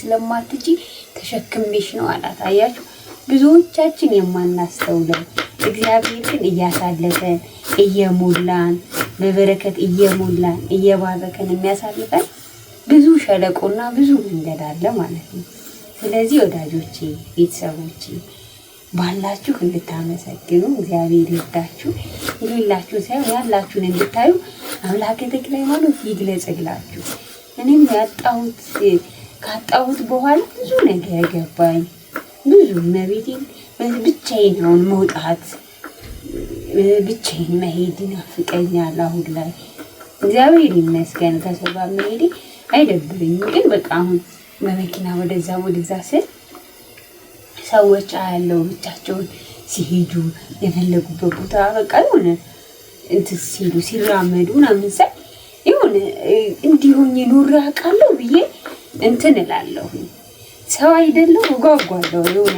ስለማትች ተሸክሜሽ ነው አላት። አያችሁ ብዙዎቻችን የማናስተውለው እግዚአብሔርን እያሳለፈን እየሞላን በበረከት እየሞላን እየባረከን የሚያሳልፈን ብዙ ሸለቆና ብዙ መንገድ አለ ማለት ነው። ስለዚህ ወዳጆቼ፣ ቤተሰቦቼ ባላችሁ እንድታመሰግኑ እግዚአብሔር ይርዳችሁ። የሌላችሁ ሳይሆን ያላችሁን እንድታዩ አምላክ ተክለ ሃይማኖት ይግለጽላችሁ። እኔም ያጣሁት ካጣሁት በኋላ ብዙ ነገር ገባኝ። ብዙ መቤቴን ብቻዬን አሁን መውጣት ብቻዬን መሄድ ይናፍቀኛል። አሁን ላይ እግዚአብሔር ይመስገን ከሰው ጋር መሄዴ አይደብረኝም። ግን በቃ አሁን በመኪና ወደዛ ወደዛ ስል ሰዎች አያለው ብቻቸውን ሲሄዱ የፈለጉበት ቦታ በቃ የሆነ እንትን ሲሉ ሲራመዱ ምናምን ሳይ የሆነ እንዲሆኝ የኖረ አውቃለሁ ብዬ እንትን እላለሁ። ሰው አይደለም እጓጓለሁ። የሆነ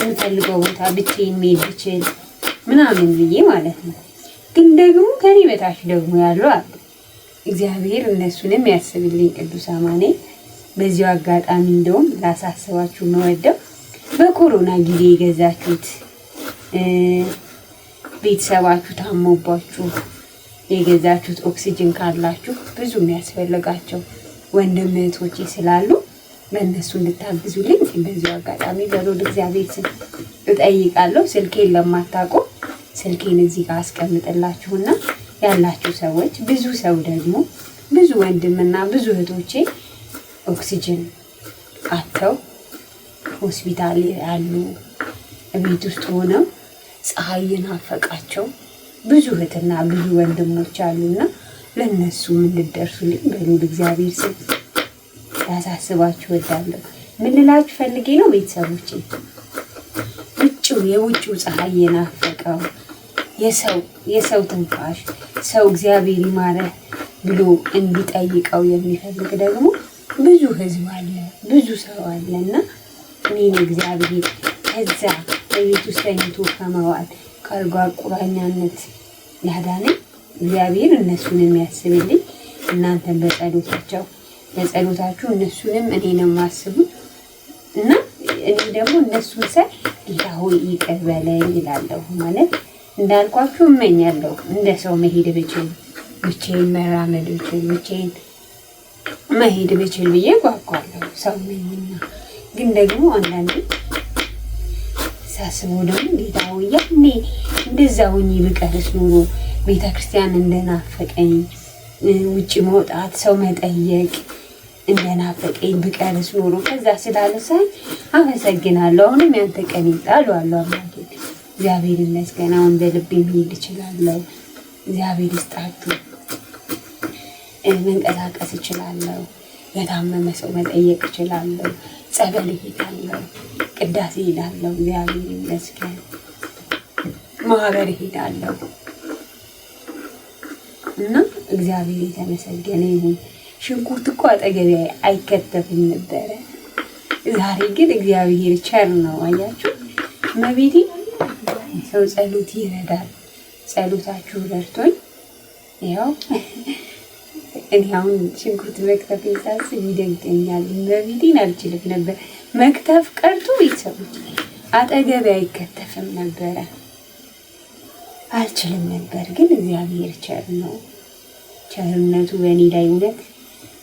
የምፈልገው ቦታ ብቻዬን መሄድ ብችል ምናምን ብዬ ማለት ነው። ግን ደግሞ ከኔ በታች ደግሞ ያሉ አሉ። እግዚአብሔር እነሱንም ያስብልኝ። ቅዱስ አማኔ በዚሁ አጋጣሚ እንደውም ላሳስባችሁ መወደው በኮሮና ጊዜ የገዛችሁት ቤተሰባችሁ ታሞባችሁ የገዛችሁት ኦክሲጅን ካላችሁ ብዙ የሚያስፈልጋቸው ወንድም እህቶቼ ስላሉ በእነሱ እንድታግዙልኝ በዚሁ አጋጣሚ በሎድ እግዚአብሔር ስም እጠይቃለሁ። ስልኬን ለማታውቁ ስልኬን እዚህ ጋር አስቀምጥላችሁና ያላችሁ ሰዎች ብዙ ሰው ደግሞ ብዙ ወንድምና ብዙ እህቶቼ ኦክሲጅን አጥተው ሆስፒታል ያሉ ቤት ውስጥ ሆነው ፀሐይ የናፈቃቸው ብዙ እህትና ብዙ ወንድሞች አሉና በእነሱ የምንደርሱልኝ በሉል እግዚአብሔር ስም ያሳስባችሁ እወዳለሁ። ምንላችሁ ፈልጌ ነው ቤተሰቦች፣ ውጭው የውጭው ፀሐይ የናፈቀው የሰው የሰው ትንፋሽ ሰው እግዚአብሔር ይማረ ብሎ እንዲጠይቀው የሚፈልግ ደግሞ ብዙ ህዝብ አለ፣ ብዙ ሰው አለ እና እኔን እግዚአብሔር ከዛ በቤት ውስጥ ተኝቶ ከመዋል ከአልጋ ቁራኛነት ያዳነኝ እግዚአብሔር እነሱን የሚያስብልኝ እናንተን በጸሎታቸው በጸሎታችሁ እነሱንም እኔ ነው ማስቡ እና እኔ ደግሞ እነሱን ሳይ ጌታ ሆይ ይቅር በለኝ ይላለሁ። ማለት እንዳልኳችሁ እመኛለሁ እንደ ሰው መሄድ ብችል ብቻዬን መራመድ ብችል ብቻዬን መሄድ ብችል ብዬ ጓጓለሁ። ሰው ነኝና ግን ደግሞ አንዳንዴ ሳስበው ደግሞ ጌታ ሆይ ያኔ እንደዛ ሆኜ ብቀርስ ኑሮ ቤተ ክርስቲያን እንደናፈቀኝ፣ ውጭ መውጣት፣ ሰው መጠየቅ እንደናፈቀኝ ብቀርስ ኖሮ ከዛ ስላለሳይ አመሰግናለሁ። አሁንም ያንተ ቀን ይምጣሉ አሉ አምላኬ። እግዚአብሔር ይመስገን። አሁን በልቤ መሄድ እችላለሁ። እግዚአብሔር ይስጣችሁ። መንቀሳቀስ እችላለሁ። የታመመ ሰው መጠየቅ እችላለሁ። ጸበል እሄዳለሁ። ቅዳሴ እሄዳለሁ። እግዚአብሔር ይመስገን። ማህበር እሄዳለሁ። እና እግዚአብሔር የተመሰገነ ይሁን። ሽንኩርት እኮ አጠገቢያ አይከተፍም ነበረ። ዛሬ ግን እግዚአብሔር ቸር ነው። አያችሁ መቤቴ፣ ሰው ጸሎት ይረዳል። ጸሎታችሁ ረድቶኝ ያው እኔ አሁን ሽንኩርት መክተፍ ሳስብ ይደንቀኛል። መቤቴን አልችልም ነበር መክተፍ ቀርቶ ይሰሩት አጠገቢያ አይከተፍም ነበረ። አልችልም ነበር፣ ግን እግዚአብሔር ቸር ነው። ቸርነቱ በእኔ ላይ እውነት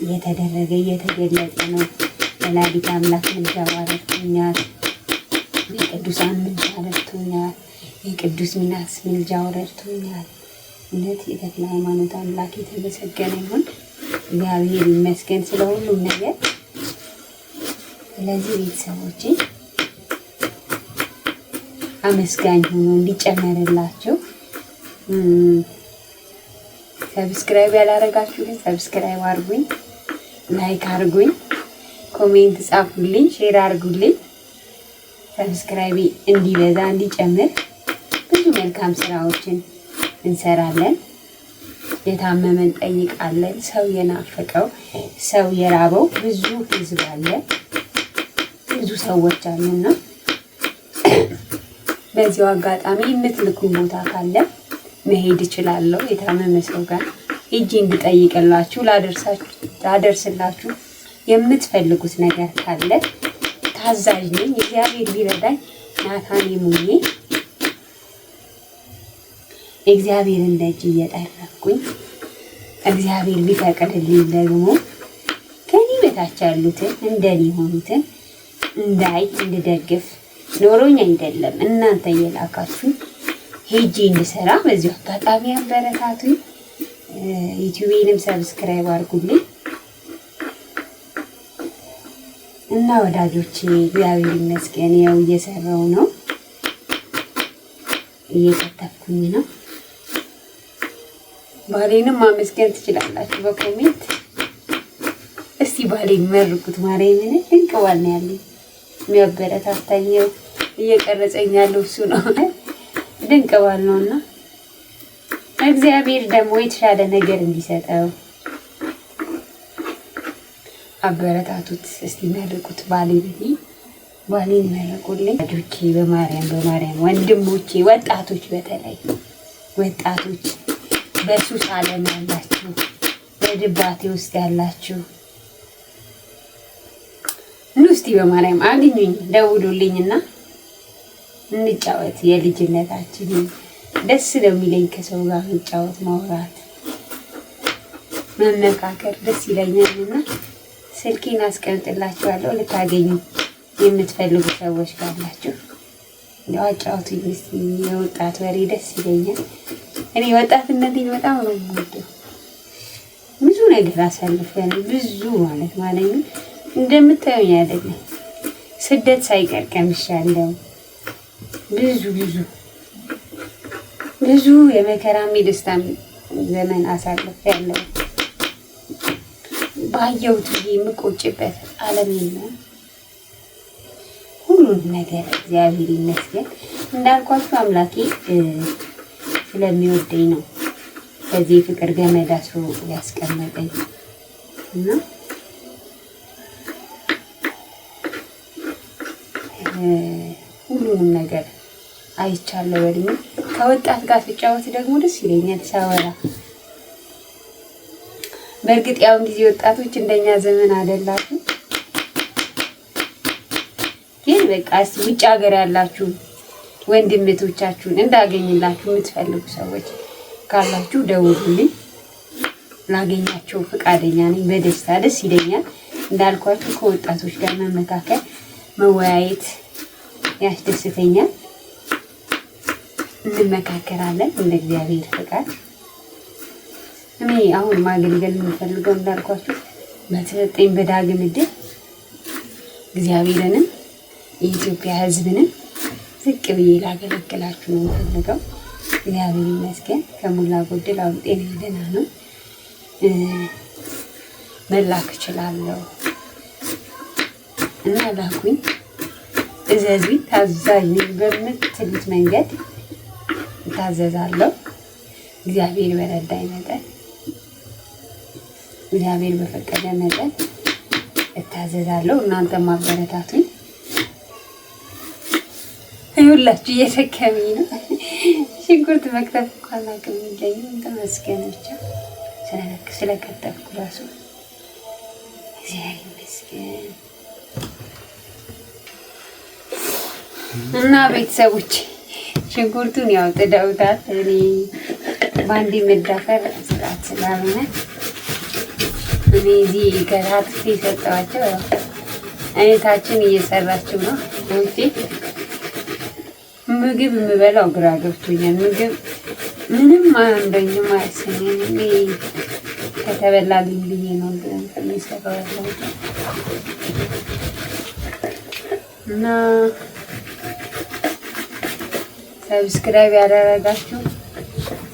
እየተደረገ እየተገለጸ ነው። ወላዲተ አምላክ ምልጃ ረድቶኛል። የቅዱሳን ምልጃ ረድቶኛል። የቅዱስ ሚናስ ምልጃ ረድቶኛል። እውነት የተክለ ሃይማኖት አምላክ የተመሰገነ ይሁን። እግዚአብሔር ይመስገን ስለ ሁሉም ነገር። ስለዚህ ቤተሰቦቼ አመስጋኝ ሆኖ እንዲጨመርላቸው ሰብስክራይብ ያላረጋችሁልኝ ሰብስክራይብ አርጉኝ፣ ላይክ አርጉኝ፣ ኮሜንት ጻፉልኝ፣ ሼር አርጉልኝ። ሰብስክራይብ እንዲበዛ እንዲጨምር ብዙ መልካም ስራዎችን እንሰራለን። የታመመን ጠይቃለን። ሰው የናፈቀው ሰው የራበው ብዙ ህዝብ አለ፣ ብዙ ሰዎች አሉና በዚያው አጋጣሚ የምትልኩኝ ቦታ ካለ መሄድ እችላለሁ። የታመመ ሰው ጋር ሄጄ እንድጠይቅላችሁ ላደርስላችሁ የምትፈልጉት ነገር ካለ ታዛዥ ነኝ። እግዚአብሔር ቢረዳኝ ናታን ሙኜ እግዚአብሔርን ደጅ እየጠረኩኝ እግዚአብሔር ቢፈቅድልኝ ደግሞ ከኔ በታች ያሉትን እንደኔ የሆኑትን እንዳይ እንድደግፍ ኖሮኝ አይደለም እናንተ እየላካችሁ ሄጄ እንድሰራ በዚሁ አጋጣሚ አበረታቱኝ። ዩቲዩቤንም ሰብስክራይብ አድርጉልኝ እና ወዳጆቼ እግዚአብሔር ይመስገን፣ ያው እየሰራው ነው እየከተፍኩኝ ነው። ባሌንም ማመስገን ትችላላችሁ በኮሜንት እስቲ ባሌን መርቁት። ማርያምን ድንቅ ባል ነው ያለኝ፣ የሚያበረታታኝ እየቀረጸኝ ያለው እሱ ነው። ድንቅ ባል ነውና እግዚአብሔር ደግሞ የተሻለ ነገር እንዲሰጠው አበረታቱት። እስቲ መርቁት። ባሌ ብዬ ባሌን መርቁልኝ። ጆቼ በማርያም በማርያም ወንድሞቼ፣ ወጣቶች፣ በተለይ ወጣቶች በሱስ ዓለም ያላችሁ፣ በድባቴ ውስጥ ያላችሁ ኑ እስቲ በማርያም አግኙኝ፣ ደውሉልኝና እንጫወት የልጅነታችን ደስ ነው የሚለኝ ከሰው ጋር መጫወት፣ ማውራት፣ መመካከር ደስ ይለኛል እና ስልኬን አስቀምጥላችኋለሁ ልታገኙ የምትፈልጉ ሰዎች ካላችሁ እንደው አጫውቱኝ። የወጣት ወሬ ደስ ይለኛል። እኔ ወጣትነቴን በጣም ነው የምወደው። ብዙ ነገር አሳልፈን ብዙ ማለት ማለት እንደምታዩኝ አይደለም ስደት ሳይቀር ቀምሻለሁ። ብዙ ብዙ ብዙ የመከራም የደስታም ዘመን አሳልፍ ያለው ባየሁት የምቆጭበት ዓለም የለም። ሁሉን ነገር እግዚአብሔር ይመስገን እንዳልኳችሁ አምላኬ ስለሚወደኝ ነው በዚህ የፍቅር ገመድ አስሮ ያስቀመጠኝ እና ሁሉንም ነገር አይቻለሁ በእድሜ ከወጣት ጋር ስጫወት ደግሞ ደስ ይለኛል ሳወራ። በእርግጥ ያው ጊዜ ወጣቶች እንደኛ ዘመን አይደላችሁ፣ ግን በቃ እስኪ ውጭ ሀገር ያላችሁ ወንድምቶቻችሁን እንዳገኝላችሁ የምትፈልጉ ሰዎች ካላችሁ ደውሉልኝ። ላገኛቸው ፈቃደኛ ነኝ፣ በደስታ ደስ ይለኛል። እንዳልኳችሁ ከወጣቶች ጋር መመካከል መወያየት ያስደስተኛል። እንመካከራለን እንደ እግዚአብሔር ፍቃድ። እኔ አሁን ማገልገል የምፈልገው እንዳልኳችሁ በተሰጠኝ በዳግም ድ እግዚአብሔርንም የኢትዮጵያ ሕዝብንም ዝቅ ብዬ ላገለግላችሁ ነው የምፈልገው። እግዚአብሔር ይመስገን ከሞላ ጎደል አሁን ጤና ደህና ነው። መላክ እችላለሁ እና ላኩኝ፣ እዘዙኝ፣ ታዛዥ በምትሉት መንገድ እታዘዛለሁ። እግዚአብሔር በረዳኝ መጠን እግዚአብሔር በፈቀደ መጠን እታዘዛለሁ። እናንተ ማበረታቱኝ። ሁላችሁ እየደከመኝ ነው። ሽንኩርት መክተፍ እንኳን አቅም የሚገኘው ተመስገን ብቻ። ስለከተፍኩ ራሱ እግዚአብሔር ይመስገን እና ቤተሰቦች ሽንኩርቱን ያው ጥደውታት እኔ በአንድ መዳፈር ስላት ስላልሆነ እኔ እዚህ ገታት የሰጠዋቸው አይነታችን እየሰራችው ነው። እንቲ ምግብ የምበላው ግራ ገብቶኛል። ምግብ ምንም አንደኝም አይስኝም። እኔ ከተበላልኝ ብዬ ነው የሚሰራው እና ሰብስክራይብ ያደረጋችሁ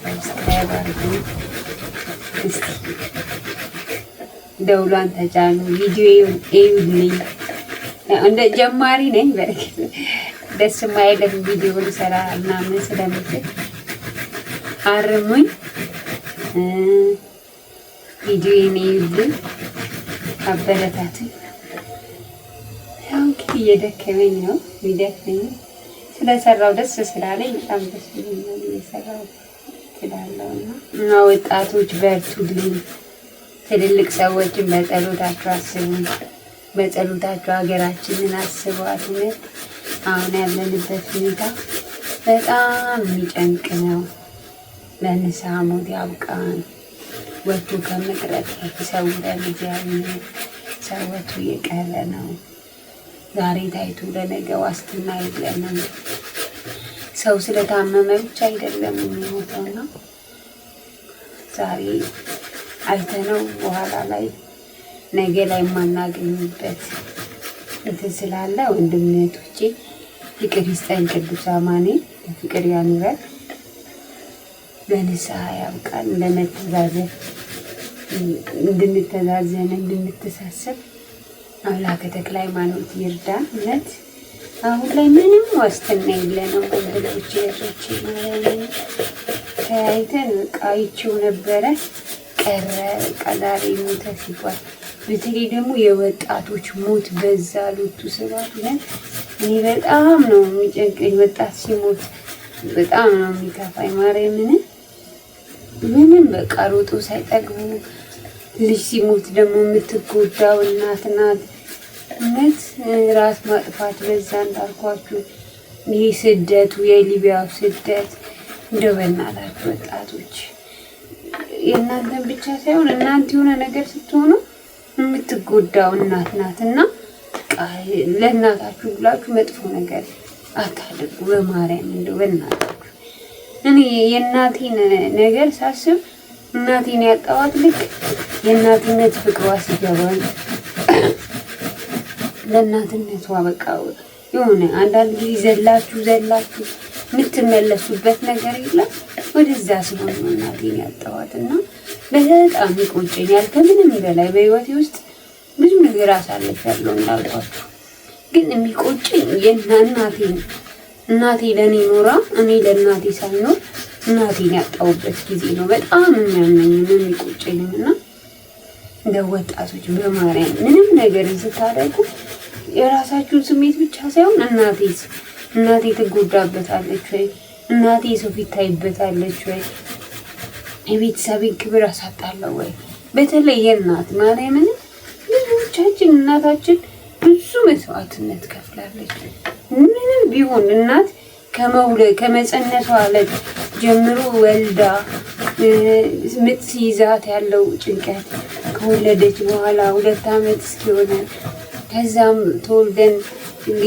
ሰብስክራይብ አድርጉ። እስቲ ደውሏን ተጫኑ። ቪዲዮውን እዩልኝ። እንደ ጀማሪ ነኝ። በእርግጥ ደስ የማይልም ቪዲዮውን ስራ ምናምን ስለምችል አርሙኝ። ቪዲዮውን እዩልኝ፣ አበረታቱኝ። እየደከመኝ ነው የሚደክመኝ ስለሰራው ደስ ስላለኝ በጣም ደስ ይለኛል። የሰራው ስላለው እና ወጣቶች በርቱልኝ። ትልልቅ ሰዎችን በጸሎታቸው አስቡ፣ በጸሎታቸው ሀገራችንን አስቧት። እውነት አሁን ያለንበት ሁኔታ በጣም የሚጨንቅ ነው። ለንሳ ሞት ያብቃን። ወቱ ከመቅረት ይሰውረን እግዚአብሔር። ሰወቱ የቀረ ነው። ዛሬ ታይቶ ለነገ ዋስትና የለንም። ሰው ስለታመመ ብቻ አይደለም ነው። ዛሬ አይተነው በኋላ ላይ ነገ ላይ የማናገኝበት እንትን ስላለ ወንድምነቶቼ ፍቅር ይስጠን። ቅዱስ አማኔ ለፍቅር ያኑረን፣ በንስሐ ያብቃን፣ ለመተዛዘን እንድንተዛዘን እንድንተሳሰብ አላህ ከተክላይ ሃይማኖት ይርዳ። እውነት አሁን ላይ ምንም ዋስትና የለንም። ወንድሎች እህቶች ተያይተን በቃ አይቼው ነበረ ቀረ ቀዳሪ ሞተ ሲባል በተለይ ደግሞ የወጣቶች ሞት በዛ ሎቱ ስባት ነ እኔ በጣም ነው የሚጨንቀኝ ወጣት ሲሞት በጣም ነው የሚከፋኝ። ማርያምን ምንም በቃ ሮጦ ሳይጠግቡ ልጅ ሲሞት ደግሞ የምትጎዳው እናት ናት። በዋናነት ራስ ማጥፋት በዛ እንዳልኳችሁ ይህ ስደቱ የሊቢያው ስደት እንደው በእናታችሁ ወጣቶች የእናንተን ብቻ ሳይሆን እናንተ የሆነ ነገር ስትሆኑ የምትጎዳው እናት ናት እና ለእናታችሁ ብላችሁ መጥፎ ነገር አታድርጉ። በማርያም እንደው በእናታችሁ እኔ የእናቴን ነገር ሳስብ እናቴን ያጣዋት ልክ የእናትነት ፍቅሯ ሲገባ ለእናትነቷ በቃ የሆነ አንዳንድ ጊዜ ዘላችሁ ዘላችሁ የምትመለሱበት ነገር የለም። ወደዛ ሲሆን ነው እናቴን ያጣኋት እና በጣም ይቆጨኛል። ከምንም በላይ በህይወቴ ውስጥ ብዙ ነገር ያለው እንዳልኳችሁ፣ ግን የሚቆጨኝ እናቴ ነው። እናቴ ለእኔ ኖራ እኔ ለእናቴ ሳልኖር እናቴን ያጣሁበት ጊዜ ነው በጣም የሚያመኝም የሚቆጨኝም እና እንደ ወጣቶች በማርያም ምንም ነገር ስታደርጉ የራሳችሁን ስሜት ብቻ ሳይሆን እናቴስ እናቴ ትጎዳበታለች ወይ? እናቴ ሰው ፊት ወይ? የቤተሰቤን ክብር አሳጣለሁ ወይ? በተለይ የእናት ማርያምን ልጆቻችን እናታችን ብዙ መስዋዕትነት ከፍላለች። ምንም ቢሆን እናት ከመውለድ ከመጸነቷ ዕለት ጀምሮ ወልዳ ምጥ ሲይዛት ያለው ጭንቀት ከወለደች በኋላ ሁለት ዓመት እስኪሆነ ከዛም ተወልደን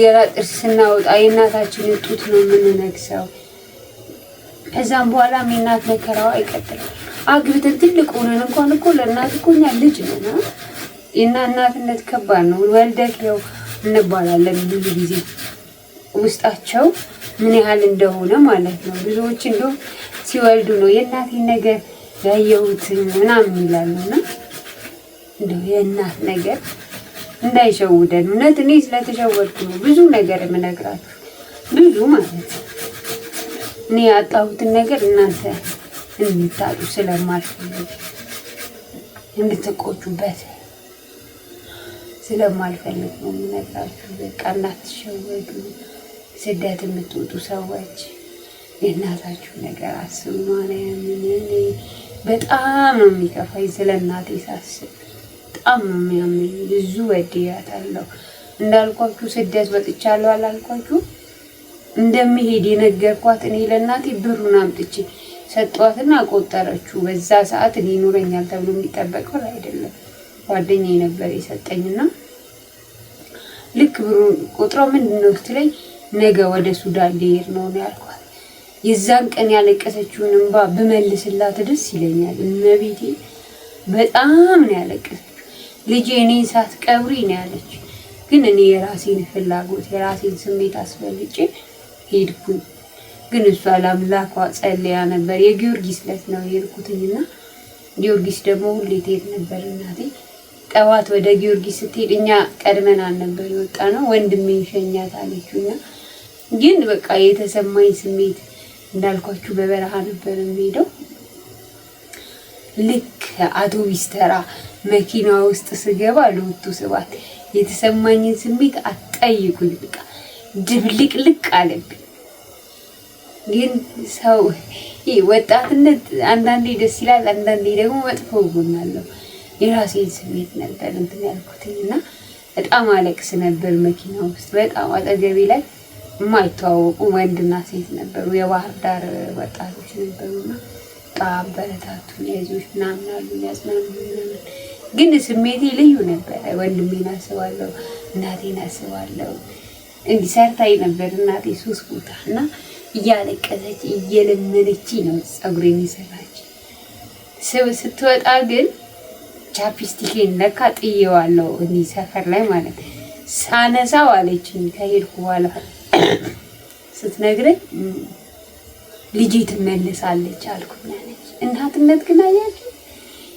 ገና ጥርስ ስናወጣ የእናታችንን ጡት ነው የምንነግሰው። ከዛም በኋላም የእናት መከራዋ አይቀጥልም። አግብተን ትልቅ ሆነን እንኳን እኮ ለእናት እኮ እኛ ልጅ ነን። የእና እናትነት ከባድ ነው። ወልደክ ያው እንባላለን ብዙ ጊዜ ውስጣቸው ምን ያህል እንደሆነ ማለት ነው። ብዙዎች እንደውም ሲወልዱ ነው የእናቴን ነገር ያየሁት ምናምን ይላሉና እንደው የእናት ነገር እንዳይሸውደን። እውነት እኔ ስለተሸወድኩ ነው ብዙ ነገር የምነግራችሁ ብዙ ማለት ነው። እኔ ያጣሁትን ነገር እናንተ እንድታጡ ስለማልፈልግ እንድትቆጩበት ስለማልፈልግ ነው የምነግራችሁ። በቃ እንዳትሸወዱ። ስደት የምትወጡ ሰዎች የእናታችሁ ነገር አስቡ። ማርያምን በጣም ነው የሚከፋኝ ስለ እናቴ ሳስብ በጣም ነው የሚያምኝ። ብዙ አለው። እንዳልኳችሁ ስደት መጥቻለሁ አላልኳችሁ? እንደሚሄድ የነገርኳት እኔ ለእናቴ ብሩን አምጥቼ ሰጧትና ቆጠረችው። በዛ ሰዓት እኔ ይኖረኛል ተብሎ የሚጠበቀው አይደለም። ጓደኛ ነበር የሰጠኝና ልክ ብሩን ቆጥረው ምንድን ነው ስትለኝ ነገ ወደ ሱዳን ሊሄድ ነው ያልኳት። የዛን ቀን ያለቀሰችውን እንባ ብመልስላት ደስ ይለኛል። እመቤቴ በጣም ነው ያለቀሰ ልጄ እኔን ሳትቀብሪ ነው ያለች። ግን እኔ የራሴን ፍላጎት የራሴን ስሜት አስፈልጬ ሄድኩኝ። ግን እሷ ለአምላኳ ጸልያ ነበር። የጊዮርጊስ ዕለት ነው የሄድኩትኝና ጊዮርጊስ ደግሞ ሁሌ ትሄድ ነበር እናቴ። ጠዋት ወደ ጊዮርጊስ ስትሄድ እኛ ቀድመን አልነበር የወጣ ነው ወንድሜ ይሸኛት አለችውና ግን በቃ የተሰማኝ ስሜት እንዳልኳችሁ በበረሃ ነበር የሚሄደው ልክ አውቶቢስ ተራ መኪና ውስጥ ስገባ ለወጡ ስባት የተሰማኝን ስሜት አትጠይቁኝ። በቃ ድብልቅልቅ አለብኝ። ግን ሰው ይህ ወጣትነት አንዳንዴ ደስ ይላል፣ አንዳንዴ ደግሞ መጥፎ ጎን የራሴን ስሜት ነበር እንትን ያልኩትኝ እና በጣም አለቅስ ነበር መኪና ውስጥ። በጣም አጠገቤ ላይ የማይተዋወቁ ወንድና ሴት ነበሩ፣ የባህር ዳር ወጣቶች ነበሩና በቃ አበረታቱን፣ ያዞች ምናምን አሉ ያጽናኑ ምናምን። ግን ስሜቴ ልዩ ነበረ። ወንድሜን አስባለሁ፣ እናቴን አስባለሁ። እንዲህ ሰርታይ ነበር እናቴ ሶስት ቦታ እና እያለቀሰች እየለመነች ነው የሚሰራች የሰራች። ስትወጣ ግን ቻፕስቲኬን ለካ ጥዬዋለሁ፣ እንዲህ ሰፈር ላይ ማለት ሳነሳው አለችኝ ከሄድኩ በኋላ ስትነግረኝ ልጄ ትመለሳለች አልኩኝ አለች። እናትነት ግን አያችሁ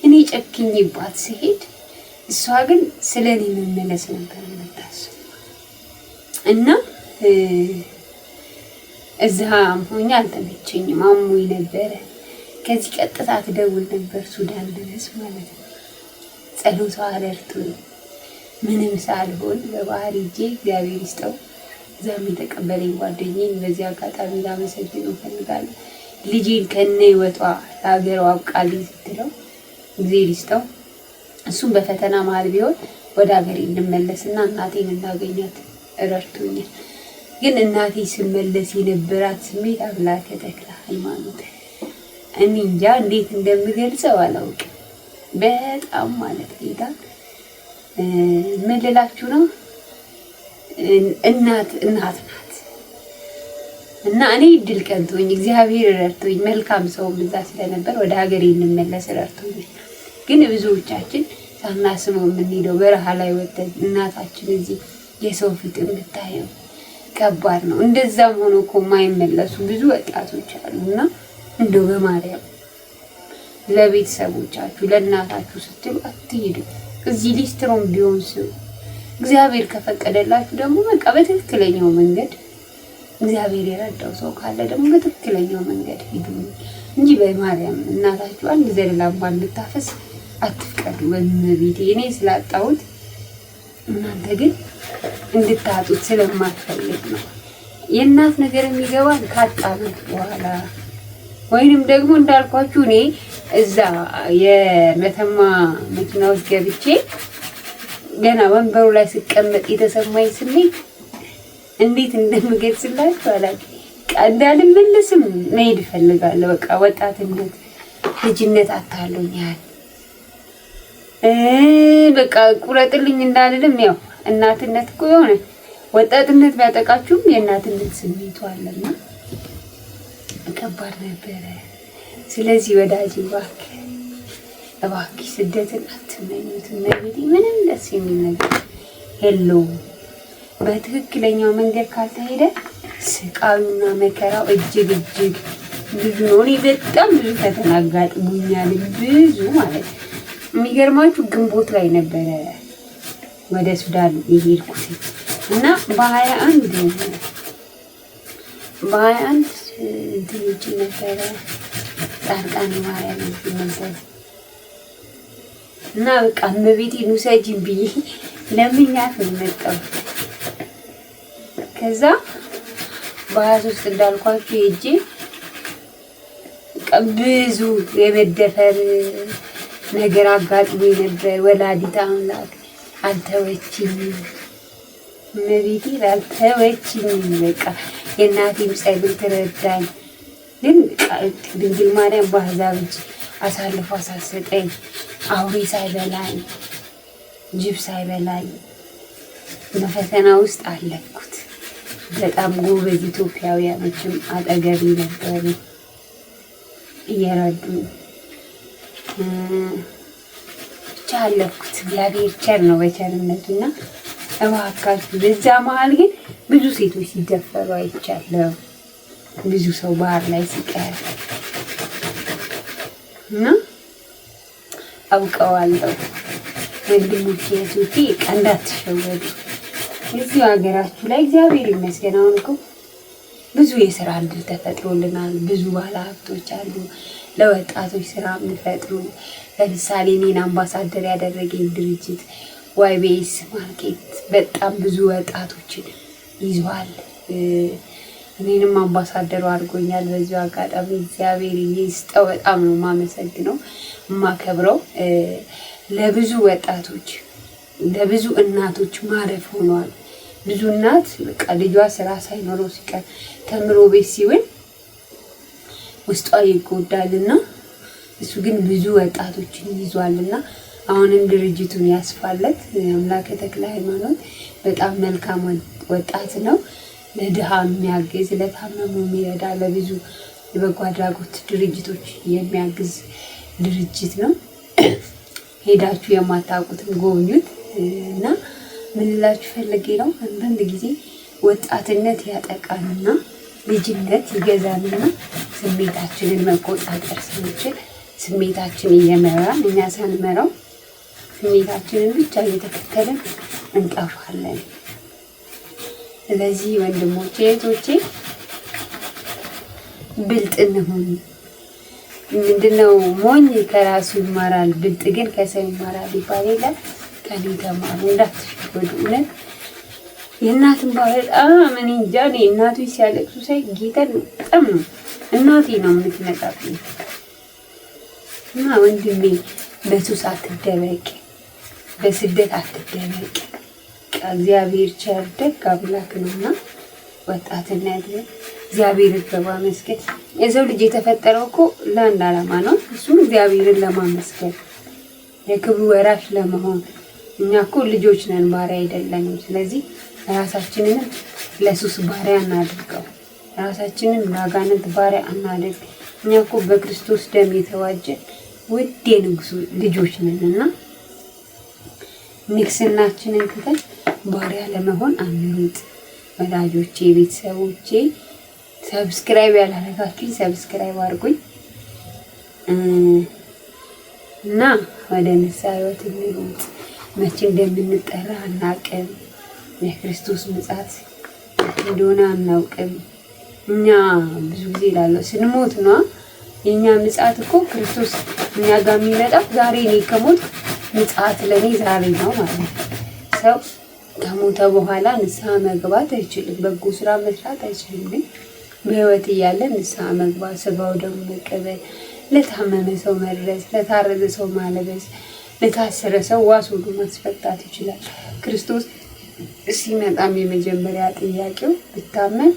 እኔ ጨክኝባት ስሄድ፣ እሷ ግን ስለ እኔ መመለስ ነበር የምታስበው እና እዚህ ሆኜ አልተመቸኝም፣ አሞኝ ነበረ። ከዚህ ቀጥታ ትደውል ነበር ሱዳን ድረስ ማለት ነው። ጸሎቷ አደርቱ ምንም ሳልሆን በባህር ሂጄ እግዚአብሔር ይስጠው ዘም የተቀበለኝ ጓደኝን በዚህ አጋጣሚ ላመሰግን እንፈልጋለን። ልጄን ከነ ህይወቷ ለሀገሯ አብቃልኝ ስትለው ጊዜ ሊስጠው እሱም በፈተና መሀል ቢሆን ወደ ሀገሬ እንመለስና እናቴን እናገኛት ረድቶኛል። ግን እናቴ ስመለስ የነበራት ስሜት አምላከ ተክለ ሃይማኖት እኔ እንጃ እንዴት እንደምገልጸው አላውቅም። በጣም ማለት ጌታ ምን ነው እናት እናት ናት እና እኔ እድል ቀንቶኝ እግዚአብሔር ረድቶኝ መልካም ሰው ብዛ ስለነበር ወደ ሀገሬ እንመለስ ረድቶኝ። ግን ብዙዎቻችን ሳናስበው የምንሄደው በረሃ ላይ ወጥተን እናታችን እዚህ የሰው ፊት የምታየው ከባድ ነው። እንደዛም ሆኖ እኮ የማይመለሱ ብዙ ወጣቶች አሉ እና እንደው በማርያም ለቤተሰቦቻችሁ ለእናታችሁ ስትሉ አትሄዱ። እዚህ ሊስትሮም ቢሆን እግዚአብሔር ከፈቀደላችሁ ደግሞ በቃ በትክክለኛው መንገድ እግዚአብሔር የረዳው ሰው ካለ ደግሞ በትክክለኛው መንገድ ሂዱ እንጂ በማርያም እናታችሁ አንድ ዘለላ እንኳን ልታፈስ አትፍቀዱ። በእመቤቴ እኔ ስላጣሁት እናንተ ግን እንድታጡት ስለማትፈልግ ነው። የእናት ነገር የሚገባን ካጣሉት በኋላ ወይንም ደግሞ እንዳልኳችሁ እኔ እዛ የመተማ መኪናዎች ገብቼ ገና ወንበሩ ላይ ስቀመጥ የተሰማኝ ስሜት እንዴት እንደምገልጽላችሁ አላውቅም። እንዳልመለስም መሄድ እፈልጋለሁ። በቃ ወጣትነት ልጅነት አታሉኛል። በቃ ቁረጥልኝ እንዳልልም ያው እናትነት እኮ የሆነ ወጣትነት ቢያጠቃችሁም የእናትነት ስሜቱ አለና ከባድ ነበረ። ስለዚህ ወዳጅ እባክህ እባክሽ ስደትን አትመኙት። እመቤቴ ምንም ደስ የሚል ነገር የለውም። በትክክለኛው መንገድ ካልተሄደ ስቃዩና መከራው እጅግ እጅግ ብዙ ነው። እኔ በጣም ብዙ ፈተና አጋጥሞኛል። ብዙ ማለት ነው። የሚገርማችሁ ግንቦት ላይ ነበረ ወደ ሱዳን የሄድኩት እና በሀያ አንድ በሀያ አንድ እንትኖችን ነበረ ጻድቃኔ ማርያም ነበር እና በቃ እመቤቴ ውሰጂኝ ብዬ ለምኛት ነው የመጣው። ከዛ በሀያ ሦስት እንዳልኳችሁ ሄጄ ብዙ የመደፈር ነገር አጋጥሞ ነበር። ወላዲተ አምላክ አልተወችኝም፣ እመቤቴ አልተወችኝም። በቃ የእናቴም ጸሎት ረዳኝ። ግን ድንግል ማርያም እጅ አሳልፎ አሳስጠኝ አውሬ ሳይበላኝ ጅብ ሳይበላኝ በፈተና ውስጥ አለኩት። በጣም ጎበዝ ኢትዮጵያውያኖችም አጠገቢ ነበሩ እየረዱ ብቻ አለኩት። እግዚአብሔር ቸር ነው በቸርነቱና እባካችሁ። በዛ መሀል ግን ብዙ ሴቶች ሲደፈሩ አይቻለሁ። ብዙ ሰው ባህር ላይ ሲቀር እና አውቀዋለሁ። ወንድሞቼ እህቶቼ እንዳትሸወዱ እዚሁ ሀገራችሁ ላይ እግዚአብሔር ይመስገን። አሁን እኮ ብዙ የስራ እድል ተፈጥሮልናል። ብዙ ባለሀብቶች አሉ ለወጣቶች ስራ የሚፈጥሩ። ለምሳሌ እኔን አምባሳደር ያደረገኝ ድርጅት ዋይቤስ ማርኬት በጣም ብዙ ወጣቶችን ይዟል። እኔንም አምባሳደሩ አድርጎኛል። በዚሁ አጋጣሚ እግዚአብሔር ይስጠው። በጣም ነው የማመሰግነው የማከብረው። ለብዙ ወጣቶች ለብዙ እናቶች ማረፍ ሆኗል። ብዙ እናት በቃ ልጇ ስራ ሳይኖረው ሲቀር ተምሮ ቤት ሲውል ውስጧ ይጎዳልና እሱ ግን ብዙ ወጣቶችን ይዟልና አሁንም ድርጅቱን ያስፋለት። አምላከ ተክለ ሃይማኖት በጣም መልካም ወጣት ነው። ለድሃ የሚያግዝ ለታመሙ የሚረዳ ለብዙ የበጎ አድራጎት ድርጅቶች የሚያግዝ ድርጅት ነው። ሄዳችሁ የማታውቁትም ጎብኙት እና ምንላችሁ ፈልጌ ነው። አንዳንድ ጊዜ ወጣትነት ያጠቃንና ልጅነት ይገዛንና ስሜታችንን መቆጣጠር ስንችል ስሜታችን እየመራን እኛ ሳንመራው ስሜታችንን ብቻ እየተከተልን እንጠፋለን። ስለዚህ ወንድሞቼ እህቶቼ ብልጥ እንሁን። ምንድነው ሞኝ ከራሱ ይማራል፣ ብልጥ ግን ከሰው ይማራል ይባል የለም። ከኔ ተማሩ እንዳትሸወዱ። እውነት የእናት ባህል በጣም እኔ እንጃ እኔ እናቶች ሲያለቅሱ ሳይ ጌታን በጣም ነው እናቴ ነው የምትነቃብኝ። እና ወንድሜ በሱስ አትደበቅ፣ በስደት አትደበቅ። እግዚአብሔር ቸር ደግ አምላክ ነውና ወጣትነት እግዚአብሔር በማመስገን የሰው ልጅ የተፈጠረው እኮ ለአንድ አላማ ነው። እሱም እግዚአብሔርን ለማመስገን የክብሩ ወራሽ ለመሆን። እኛ እኮ ልጆች ነን፣ ባሪያ አይደለንም። ስለዚህ ራሳችንን ለሱስ ባሪያ እናድርገው። ራሳችንን ለአጋንንት ባሪያ እናድርግ። እኛ እኮ በክርስቶስ ደም የተዋጀን ውድ የንጉሱ ልጆች ነን እና ንግስናችንን ትተን ባሪያ ለመሆን አንሩጥ። ወዳጆቼ፣ ቤተሰቦቼ ሰብስክራይብ ያላረጋችሁኝ ሰብስክራይብ አድርጉኝ እና ወደ ንስሐ ሕይወት እንሩጥ። መቼ እንደምንጠራ አናውቅም። የክርስቶስ ምጽአት እንደሆነ አናውቅም። እኛ ብዙ ጊዜ ላለው ስንሞት ነው የእኛ ምጽአት እኮ ክርስቶስ እኛ ጋር የሚመጣው ዛሬ እኔ ከሞት ምጽአት ለእኔ ዛሬ ነው ማለት ነው ሰው ከሞተ በኋላ ንስሐ መግባት አይችልም፣ በጎ ስራ መስራት አይችልም። ግን በህይወት እያለ ንስሐ መግባት፣ ስጋው ደግሞ መቀበል፣ ለታመመ ሰው መድረስ፣ ለታረዘ ሰው ማለበስ፣ ለታሰረ ሰው ዋስ ሁሉ ማስፈታት ይችላል። ክርስቶስ ሲመጣም የመጀመሪያ ጥያቄው ብታመን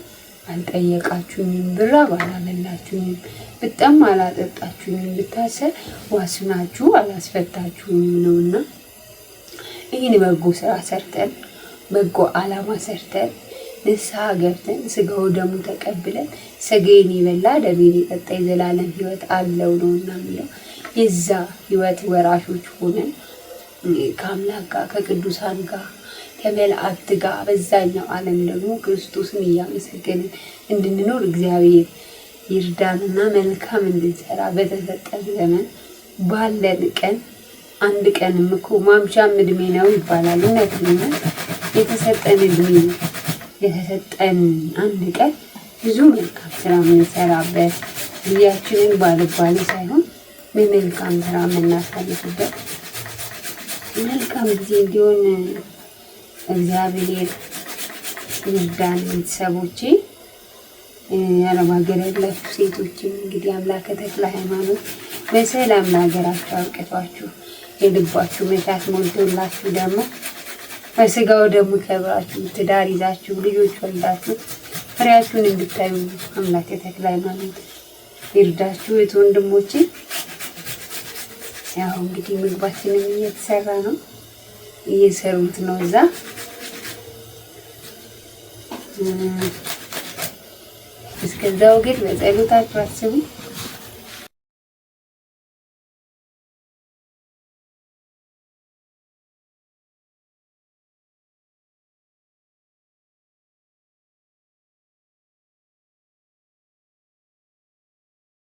አልጠየቃችሁኝም፣ ብራ ባላመላችሁኝም፣ ብጠማ አላጠጣችሁኝም፣ ብታሰር ዋስናችሁ አላስፈታችሁኝም ነውና ይህን በጎ ስራ ሰርተን በጎ አላማ ሰርተን ንስሐ ገብተን ስጋው ደሙ ተቀብለን ስጋዬን ይበላ ደሜን የጠጣ የዘላለም ህይወት አለው ነው እና የሚለው የዛ ህይወት ወራሾች ሆነን ከአምላክ ጋር ከቅዱሳን ጋር ከመላእክት ጋር በዛኛው ዓለም ደግሞ ክርስቶስን እያመሰገንን እንድንኖር እግዚአብሔር ይርዳንና መልካም እንድንሰራ በተሰጠን ዘመን ባለን ቀን አንድ ቀንም እኮ ማምሻም እድሜ ነው ይባላል። ነው። የተሰጠን እድሜ የተሰጠን አንድ ቀን ብዙ መልካም ስራ የምንሰራበት ጊዜያችንን ባልባሌ ሳይሆን በመልካም ስራ የምናሳልፍበት መልካም ጊዜ እንዲሆን እግዚአብሔር ይርዳን። ቤተሰቦቼ አረብ ሀገር ያላችሁ ሴቶችን እንግዲህ አምላከ ተክለ ሃይማኖት በሰላም ለሀገራችሁ አብቅቷችሁ የልባችሁ መሻት ሞልቶላችሁ ደግሞ በስጋው ደግሞ ከብራችሁ ትዳር ይዛችሁ ልጆች ወልዳችሁ ፍሬያችሁን እንድታዩ አምላክ የተክለ ሃይማኖት ይርዳችሁ። የት ወንድሞቼ ያው እንግዲህ ምግባችንም እየተሰራ ነው፣ እየሰሩት ነው እዛ እስከዛው ግን በጸሎታችሁ አስቡ።